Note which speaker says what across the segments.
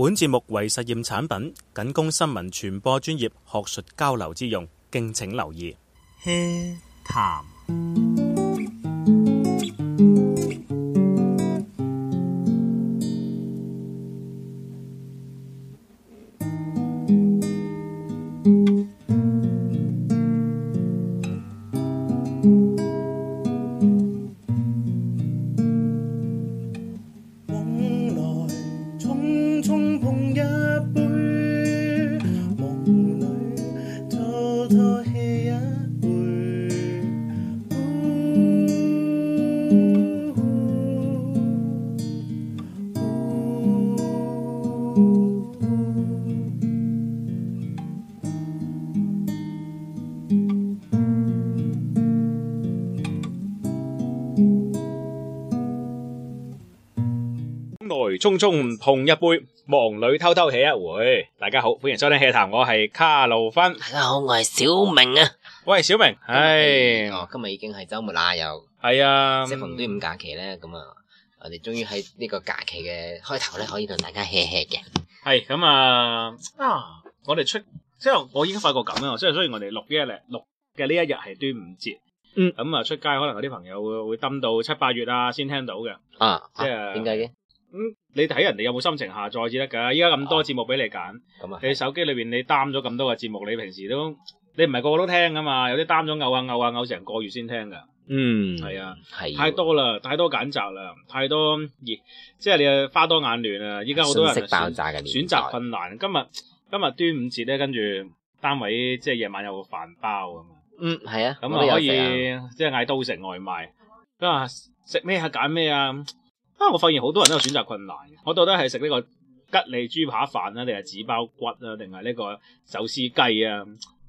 Speaker 1: 本節目為實驗產品，僅供新聞傳播專業學術交流之用，敬請留意。侃。匆匆碰一杯，忙裏偷偷起一回。大家好，歡迎收聽氣談，我係卡路芬。大
Speaker 2: 家好，我係
Speaker 1: 小明啊。係啊。啊，嗯。咁你睇人哋有冇心情下載至得噶，依家咁多節目俾你揀，啊、你手機裏邊你擔咗咁多個節目，你平時都你唔係個個都聽噶嘛，有啲擔咗漚下漚下漚成個月先聽噶。嗯，係啊，係、啊、太多啦，太多揀擇啦，太多熱，即係你啊花多眼亂啊！依家好多人選，係係選擇困難。今日今日端午節咧，跟住單位即係夜晚有個飯包啊
Speaker 2: 嘛。嗯，係啊，咁你可以、
Speaker 1: 啊、即係嗌都食外賣，咁啊食咩係揀咩啊？啊！我發現好多人都有選擇困難，我到底係食呢個吉利豬扒飯啦，定係紙包骨啦，定係呢個手撕雞啊，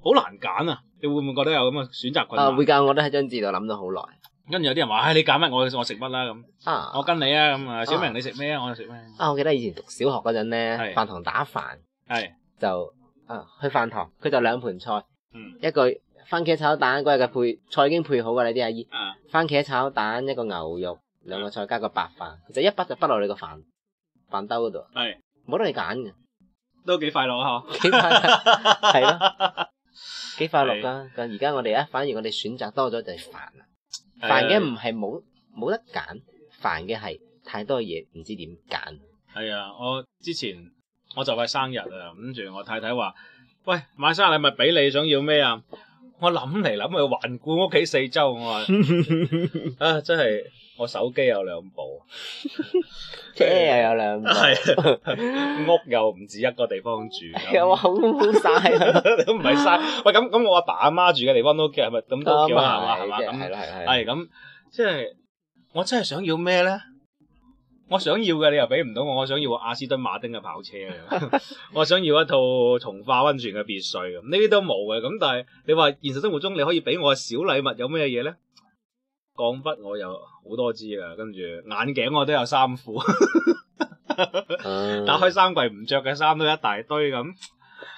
Speaker 1: 好難揀啊！你會唔會覺得有咁嘅選擇困難？會噶、啊哎，
Speaker 2: 我都喺張紙度諗咗好耐。
Speaker 1: 跟住有啲人話：，唉，你揀
Speaker 2: 乜，我我食乜啦咁。啊，我跟你啊，咁啊，小明你食咩，我就食咩。啊，我記得以前讀小學嗰陣咧，飯是堂打飯係是就啊去飯堂，佢就兩盤菜，嗯，一個番茄炒蛋嗰日嘅配菜已經配好噶你啲阿姨，啊，番茄炒蛋一個牛肉。兩個菜加個白飯，一包就一筆就筆落你個飯飯兜嗰度，係冇得你揀嘅，
Speaker 1: 都幾快樂嗬，快
Speaker 2: 係咯，幾、 啊、快樂噶。咁而家我哋啊，反而我哋選擇多咗就煩、是、啊。煩嘅唔係冇冇得揀，煩嘅係太多嘢唔知點揀。
Speaker 1: 係啊，我之前我就快生日啊，跟住我太太話：，喂，買生日禮物俾你，想要咩啊？我諗嚟諗去環顧屋企四周，我話啊真係我手機有兩部，
Speaker 2: 車又有兩部，
Speaker 1: 屋又唔止一個地方住，其實
Speaker 2: 我好晒
Speaker 1: 啦，都唔係晒。喂，咁咁我阿爸阿媽住嘅地方都叫係咪？咁都叫係嘛係嘛？咁係咁，即係我真係想要咩咧？我想要嘅你又俾唔到我。我想要阿 Aston Martin 嘅跑車， 我想要一套從化温泉嘅別墅。咁呢啲都冇嘅。咁但係你話現實生活中你可以俾我嘅小禮物有咩嘢呢？鋼筆我有好多支啦，跟住眼鏡我都有三副。 打開衫櫃唔着嘅衫都一大堆咁，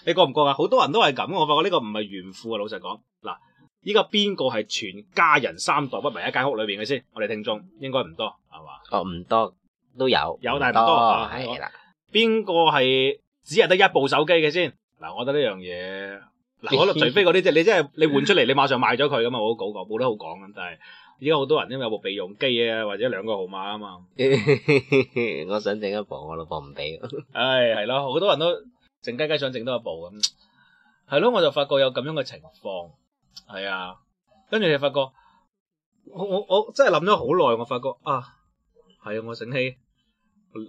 Speaker 1: 你覺唔覺啊？好多人都係咁，我發覺呢個唔係炫富啊。老實講，嗱，依家邊個係全家人三代不埋一間屋裏邊嘅先？我哋聽眾應該唔多係嘛？哦，唔多。都有，有多但係唔多係啦。邊個係只係得一部手機嘅先？嗱，我覺得呢樣嘢，
Speaker 2: 嗱，可能除非嗰啲
Speaker 1: 即你真係你換出嚟，你馬上賣咗佢㗎嘛。我都講講冇得好講嘅，就係而家好多人因為有部備用機啊，或者兩個號碼啊嘛。
Speaker 2: 我想整一部，我老婆唔俾。唉
Speaker 1: 哎，係咯，好多人都靜雞雞想整多一部咁，係咯，我就發覺有咁樣嘅情況。係啊，跟住你發覺，我我我真係諗咗好耐，我發覺啊。係啊，我醒起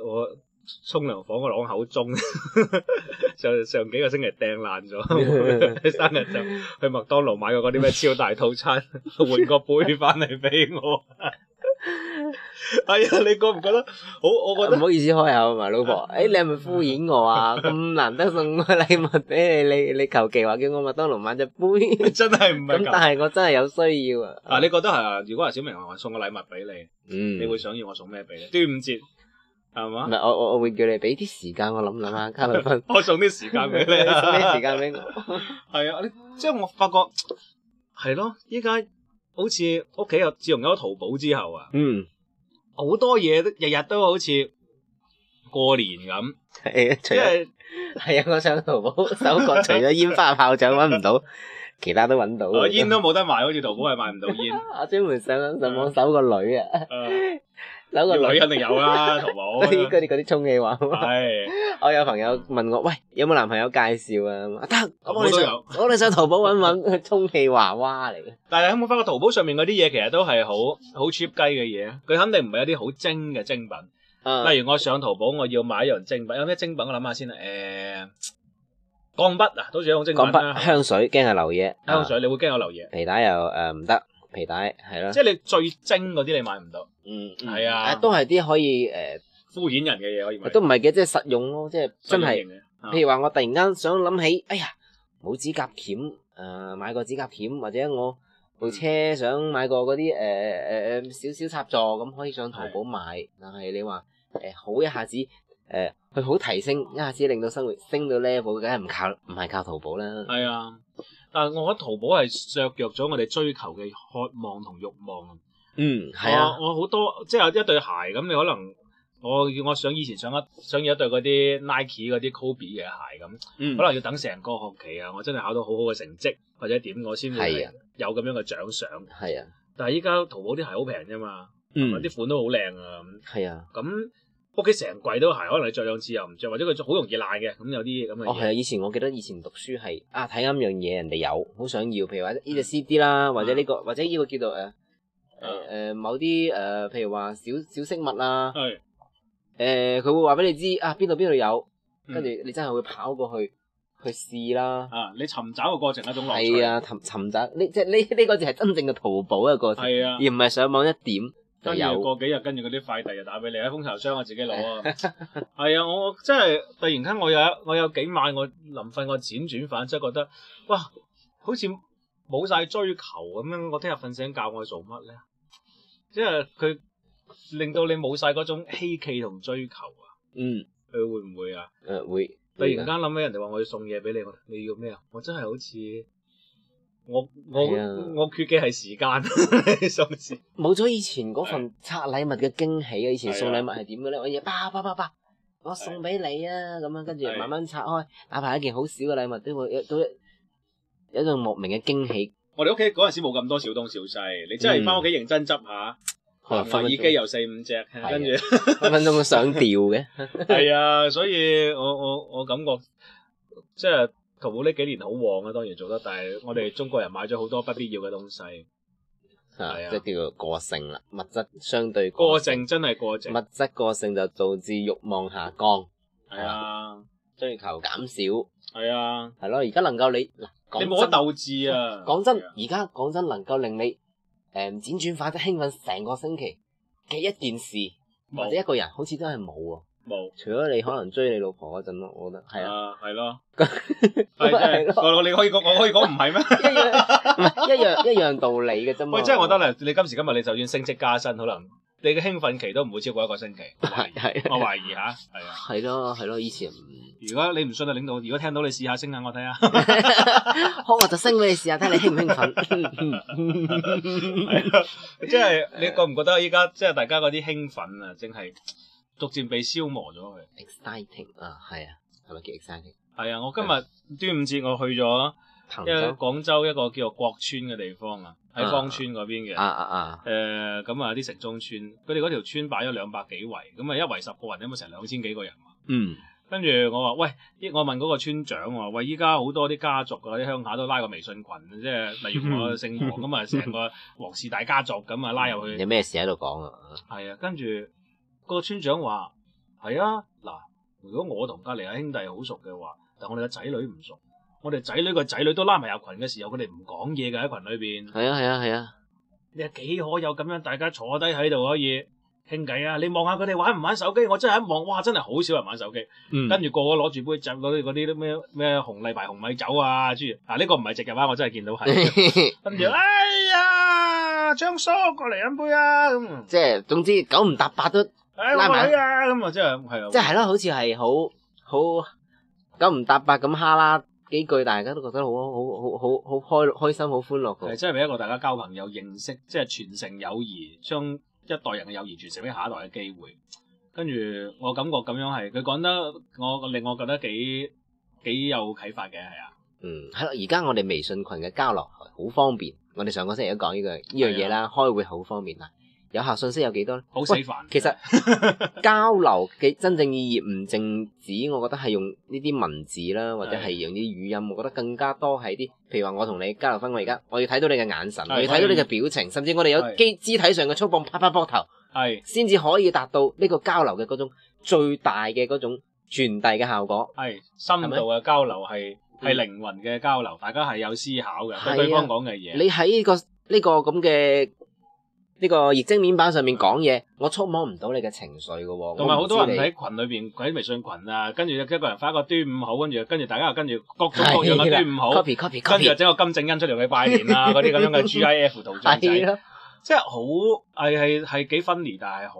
Speaker 1: 我沖涼房個朗口鐘，上上幾個星期掟爛咗， 生日就去麥當勞買過嗰啲咩超大套餐，換 個杯翻嚟俾我。
Speaker 2: 係啊、 哎，你覺唔覺得好？我覺得唔好意思開口，咪老婆。誒、哎，你係咪敷衍我啊？咁 難得送個禮物俾你，你你求其話叫我麥當勞買隻杯， 真係唔係咁。但係我真係有需要啊。嗱、啊，你覺得係啊？如果係小明話我送個禮物俾你，嗯，你會想要我送咩俾你？端午節係嘛？唔 我我我會叫你俾啲時間我諗諗啊，卡我送啲時間俾你，
Speaker 1: 送啲時間俾我。係啊，你。即係我發覺係咯，依家好似屋企有自從有咗淘寶之後啊，嗯。好多嘢都日日都好似。過年
Speaker 2: 咁，
Speaker 1: 係啊，除係啊、哎，我上淘寶搜過，除咗煙花
Speaker 2: 炮仗揾唔到，其他都揾到。煙都
Speaker 1: 冇得的賣，
Speaker 2: 好似淘寶係賣唔到煙。我專門上上網搜個女啊，搜、啊、個女肯定有啦、啊，淘寶。嗰啲嗰啲充氣娃娃係。是我有朋友問我，喂，有冇男朋友介紹啊？得，咁我都有。我哋上,上淘寶揾揾充氣娃娃嚟？但係你有冇發覺淘寶上面嗰啲嘢，其實都係好好 cheap 雞嘅嘢，
Speaker 1: 佢肯定唔係有啲好精嘅精品。例如我上淘寶，我要買一樣精品，有咩精品我諗下先啦。誒、呃，鋼筆啊，都算一種精品啦、啊。
Speaker 2: 香水驚係流嘢。香水你會驚我流嘢、呃？皮帶又誒唔得，皮帶係咯。即係你
Speaker 1: 最精嗰啲，你買唔到，嗯。
Speaker 2: 嗯，係的啊，都係啲可以誒、呃、敷衍人嘅嘢。都唔係嘅，即係實用咯，即係真係。啊、譬如話我突然間想諗起，哎呀，冇指甲鉗，誒、呃，買個指甲鉗，或者我部車想買個嗰啲誒誒誒小小插座咁，可以上淘寶買，的但係你話。誒，好一下子，誒、呃，佢好提升，一下子令到生活升到 level，梗係唔靠，唔係靠淘寶啦。
Speaker 1: 係啊，但係我覺得淘寶係削弱咗我哋追求嘅渴望同欲望。嗯，係啊，啊。我好多，即係有一對鞋咁，你可能我我想以前想一想要一對嗰啲 Nike 嗰啲 Kobe 嘅鞋咁，
Speaker 2: 可能要等
Speaker 1: 成個學期啊，我真係考到好好嘅成績或者點我先會有咁樣嘅獎賞。係啊。但係依家淘寶啲鞋好平啫嘛，係啲、嗯、款都好靚啊。係啊。咁、啊。屋企成櫃都鞋，可能你着兩次又唔着，或
Speaker 2: 者佢好容易爛嘅，咁有啲咁嘅。哦，係啊，以前我記得以前讀書係啊，睇啱樣嘢，人哋有好想要，譬如話呢隻 CD 啦，或者呢個或者呢個叫做誒誒誒某啲誒、呃，譬如話小小飾物啦。係誒佢會話俾你知啊邊度邊度有，跟住你真係會跑過去去試啦。嗯、啊，你尋找嘅過程係一種樂趣。係啊，尋尋找呢即係呢呢個字係真正嘅淘寶嘅過程，係啊的，而唔係上網一點。
Speaker 1: 跟住過幾日，跟住嗰啲快遞就打俾你。啊，豐巢箱我自己攞啊。係啊、 哎，我真係突然間，我有我有幾晚我臨我，我臨瞓我輾轉反側，覺得哇，好似冇晒追求咁樣。我聽日瞓醒覺，我做乜咧？即係佢令到你冇晒嗰種希冀同追求啊。嗯。佢會唔會啊？
Speaker 2: 誒、呃、會。突然間
Speaker 1: 諗起人哋話我要送嘢俾你我，你要咩啊？我真係好似～
Speaker 2: 我、啊、我我缺嘅係時間，冇 咗以前嗰份拆禮物嘅驚喜啊！以前送禮物係點嘅咧？我嘢叭叭叭叭，我送俾你啊！咁樣跟住慢慢拆開，哪怕、啊、一件好少嘅禮物，都會有都有，有一種莫名嘅驚喜。
Speaker 1: 我哋屋企嗰陣時冇咁多小東小西，你真係翻屋企認真執下，
Speaker 2: 個、嗯啊、耳機
Speaker 1: 又四五隻，跟住、啊、
Speaker 2: 分分鐘想掉嘅。
Speaker 1: 係 啊，所以我我我，我感覺即係。淘寶呢幾年好旺啊，當然做得，但係我哋中國人買咗好多不必要嘅東西，
Speaker 2: 係啊，啊即係叫做過剩啦。物質相對過剩，個性真係過剩。物質過剩就導致欲望下降，係啊，追求、啊、減少，係啊，係咯、啊。而家能夠你嗱，你冇得鬥志啊！講真，而家講真能夠令你誒、嗯、輾轉反側興奮成個星期嘅一件事沒或者一個人，好似真係冇喎。冇，除咗你可能追你老婆嗰陣咯，我覺得係啊，係咯，係你可以講我可以講唔係咩，一樣，一樣，一樣道理嘅啫
Speaker 1: 嘛。喂，即係我得啦，你今時今日你就算升職加薪，可能你嘅興奮期都唔會超過一個星期，係係，我懷疑吓，係啊，
Speaker 2: 係咯係咯，以
Speaker 1: 前如果你唔信啊，領導，如果聽到你試下升下我睇下，
Speaker 2: 好，我就升俾你試下，睇你是是興唔興奮，係即係
Speaker 1: 你覺唔覺得依家即係大家嗰啲興奮啊，正係。逐漸被消磨咗佢。exciting 啊，
Speaker 2: 係啊，係咪幾 exciting？
Speaker 1: 係啊，我今日端午節我去咗即廣州一個叫國村嘅地方啊，喺芳村嗰邊嘅。啊啊啊！誒，咁啊啲城中村，佢哋嗰條村擺咗兩百幾圍，咁啊一圍十個人，有冇成兩千幾個人。嗯。跟住我話喂，我問嗰個村長話，喂，依家好多啲家族啊，啲鄉下都拉個微信群，即係例如我姓王，咁啊，成個王氏大家族咁啊，拉入去。嗯、你有咩
Speaker 2: 事喺度講啊？
Speaker 1: 係啊，跟住。個村長話：係啊，嗱，如果我同隔籬嘅兄弟好熟嘅話，但我哋嘅仔女唔熟，我哋仔女個仔女都拉埋入群嘅時候，佢哋唔講嘢嘅喺群裏邊。係啊係啊係啊，啊啊你幾可有咁樣？大家坐低喺度可以傾偈啊！你望下佢哋玩唔玩手機？我真係一望，哇，真係好少人玩手機。跟住、嗯、個個攞住杯酒，攞住嗰啲咩咩紅麗牌紅米酒啊，諸如此類呢個唔係直嘅話、啊，我真係
Speaker 2: 見到係。跟住 ，
Speaker 1: 哎呀，張叔過嚟飲杯啊！咁
Speaker 2: 即係，總之九唔搭八都拉埋、哎、啊！咁啊，即係，係啊，即係咯，好似係好好九唔搭八咁哈啦幾句，但係大家都覺得好好好好好開開心，好歡樂嘅。係，
Speaker 1: 真係俾一個大家交朋友、認識，即係傳承友誼，將一代人嘅友誼傳承俾下一代嘅機會。跟住我感覺咁樣係，佢講得我令我覺得幾幾有啟發嘅，係啊。嗯，
Speaker 2: 係咯，而家我哋微信群嘅交流好方便。我哋上個星期都講呢個呢樣嘢啦，開會好方便啊。有效信息有幾多咧？好死煩。其實交流嘅真正意義唔淨止，我覺得係用呢啲文字啦，或者係用啲語音。我覺得更加多係啲，譬如話我同你交流翻，我而家我要睇到你嘅眼神，我要睇到你嘅表情，甚至我哋有機肢體上嘅觸碰，拍拍膊頭，係，先至可以達到呢個交流嘅嗰種最大嘅嗰種傳遞嘅效果。係
Speaker 1: 深度嘅交流係係靈魂嘅交流，大家係有思考嘅對對方講嘅嘢。你
Speaker 2: 喺呢個呢個咁嘅。呢個液晶面板上面講嘢，我觸摸唔到你嘅情緒嘅喎。同埋好多人喺
Speaker 1: 群裏邊，喺微信群啊，跟住一個人發一個端午好，跟住跟住大家又跟住各種各樣嘅端午好，跟住整個金正恩出嚟去拜年啊嗰啲咁樣嘅 GIF 圖像仔即係好係係係幾 funny，但係好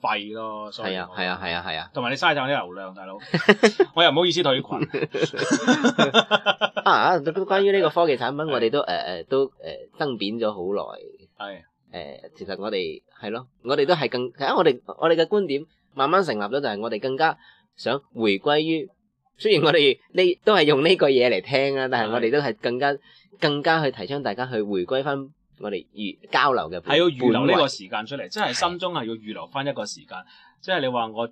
Speaker 1: 廢咯。係啊係啊係啊係啊，同埋你嘥曬啲流量，大佬
Speaker 2: 我又唔好意思
Speaker 1: 退群。
Speaker 2: 啊，都關於呢個科技產品，的我哋都誒誒、呃、都誒爭辯咗好耐。係、呃。呃呃誒、呃，其實我哋係咯，我哋都係更，其實我哋我哋嘅觀點慢慢成立咗，就係我哋更加想回歸於，雖然我哋呢都係用呢個嘢嚟聽啦、啊，但係我哋都係更加更加去提倡大家去回歸翻我哋與交流嘅係要預留呢個時
Speaker 1: 間出嚟，即係位心中係要預留翻一個時間。的即係你話我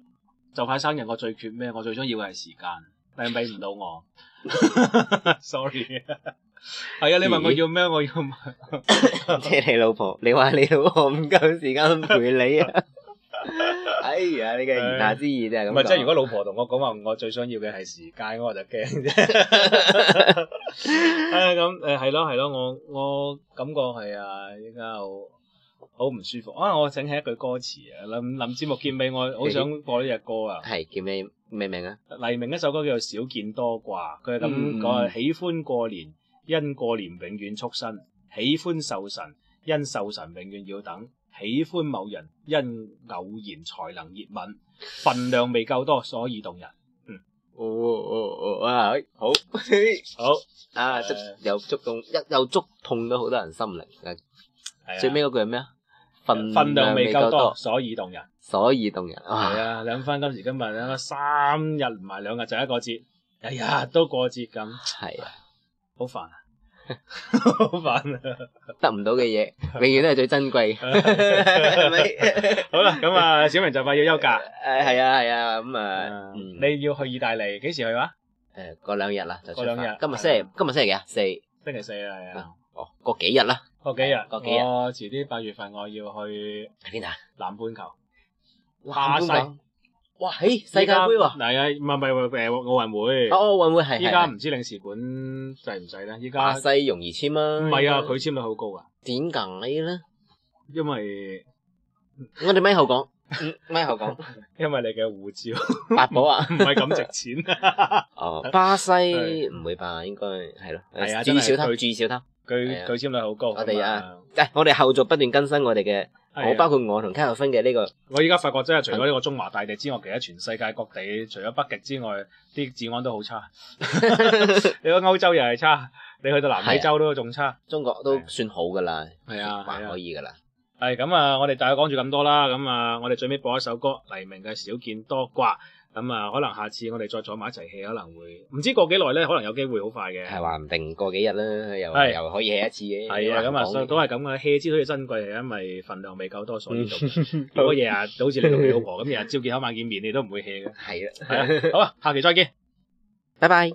Speaker 1: 就快生日我，我最缺咩？我最想要嘅係時間，但係俾唔到我。 Sorry。係啊、哎！你問我要咩？我要問 即係你老婆。你話你
Speaker 2: 老婆唔夠時間陪你
Speaker 1: 啊！ 哎呀，你嘅言下之意就係咁。唔係、哎、即係如果老婆同我講話，我最想要嘅係時間，我就驚啫。誒、 哎、咁、嗯、誒、係、嗯、咯、係、嗯、咯，我我感覺係啊，依家好好唔舒服啊！我整起一句歌詞啊，林林節目結尾，我好想播呢隻歌啊。係叫咩咩名啊？黎明一首歌叫做《少見多掛》，佢係咁講，喜歡過年。因過年永遠畜新，喜歡壽神；因壽神永遠要等，喜歡某人；因偶然才能熱吻，份量未夠多，所以動人。
Speaker 2: 嗯，哦哦哦、哎，好，好啊，呃、又觸動，又觸痛咗好多人心靈。最尾句係咩啊？份份量未夠多，所以動人，所以動人。係啊，
Speaker 1: 諗返今時今日，三日唔係兩日就一個節，日、哎、日都過節咁。係啊。好煩啊！
Speaker 2: 好 煩啊！得唔到嘅嘢， 永遠都係最珍貴嘅，係 咪不是？ 好啦，咁啊，小明就快要休假，誒係啊係啊，咁啊，啊嗯、你要去意大利，幾時去啊？誒，過兩日啦，就出。過兩日，今日星期、啊、今日星期幾啊？四，
Speaker 1: 星期四，係啊。哦，
Speaker 2: 過幾日啦？
Speaker 1: 過幾日？過幾日？我遲啲八月份我要去邊啊？南半球，巴哇嘿！世
Speaker 2: 界盃喎，啊，唔係唔係誒奧運會。哦，奧運會係。依家唔知
Speaker 1: 領事館細唔細啦？依家巴西
Speaker 2: 容易簽啊？唔係啊，佢簽得好高啊？點解呢？因為我哋咪後講？咪後講？因為你嘅護照八寶啊，唔係咁值錢 哦，巴西唔是會吧？應該係咯。係啊，注意小偷，注意小偷。佢佢簽率好高，我哋啊，喂、哎，我哋後續不斷更新我哋嘅，的我包括我同卡洛芬嘅呢個。
Speaker 1: 我依家發覺真係除咗呢個中華大地之外，嗯、其實全世界各地除咗北極之外，啲治安都好差。 你話歐洲又係差，你去到南美洲都仲
Speaker 2: 差，中國都算好噶啦，係啊的，還的可以噶啦。
Speaker 1: 係咁啊，我哋大家講住咁多啦，咁啊，我哋最尾播一首歌《黎明嘅少見多怪》。咁啊，可能下次我哋再坐埋一齊 hea，可能會唔知過幾耐咧，可能有機會好快嘅。係話唔定過幾日咧，又又可以 hea 一次嘅。係啊，咁啊都都係咁噶，hea 之所以珍貴，係因為份量未夠多，所以做。如果日日都好似你同你老婆咁，日日朝見口晚見面，你都唔會 hea 嘅。係啦，係啦，好啊，下期再
Speaker 2: 見，拜拜。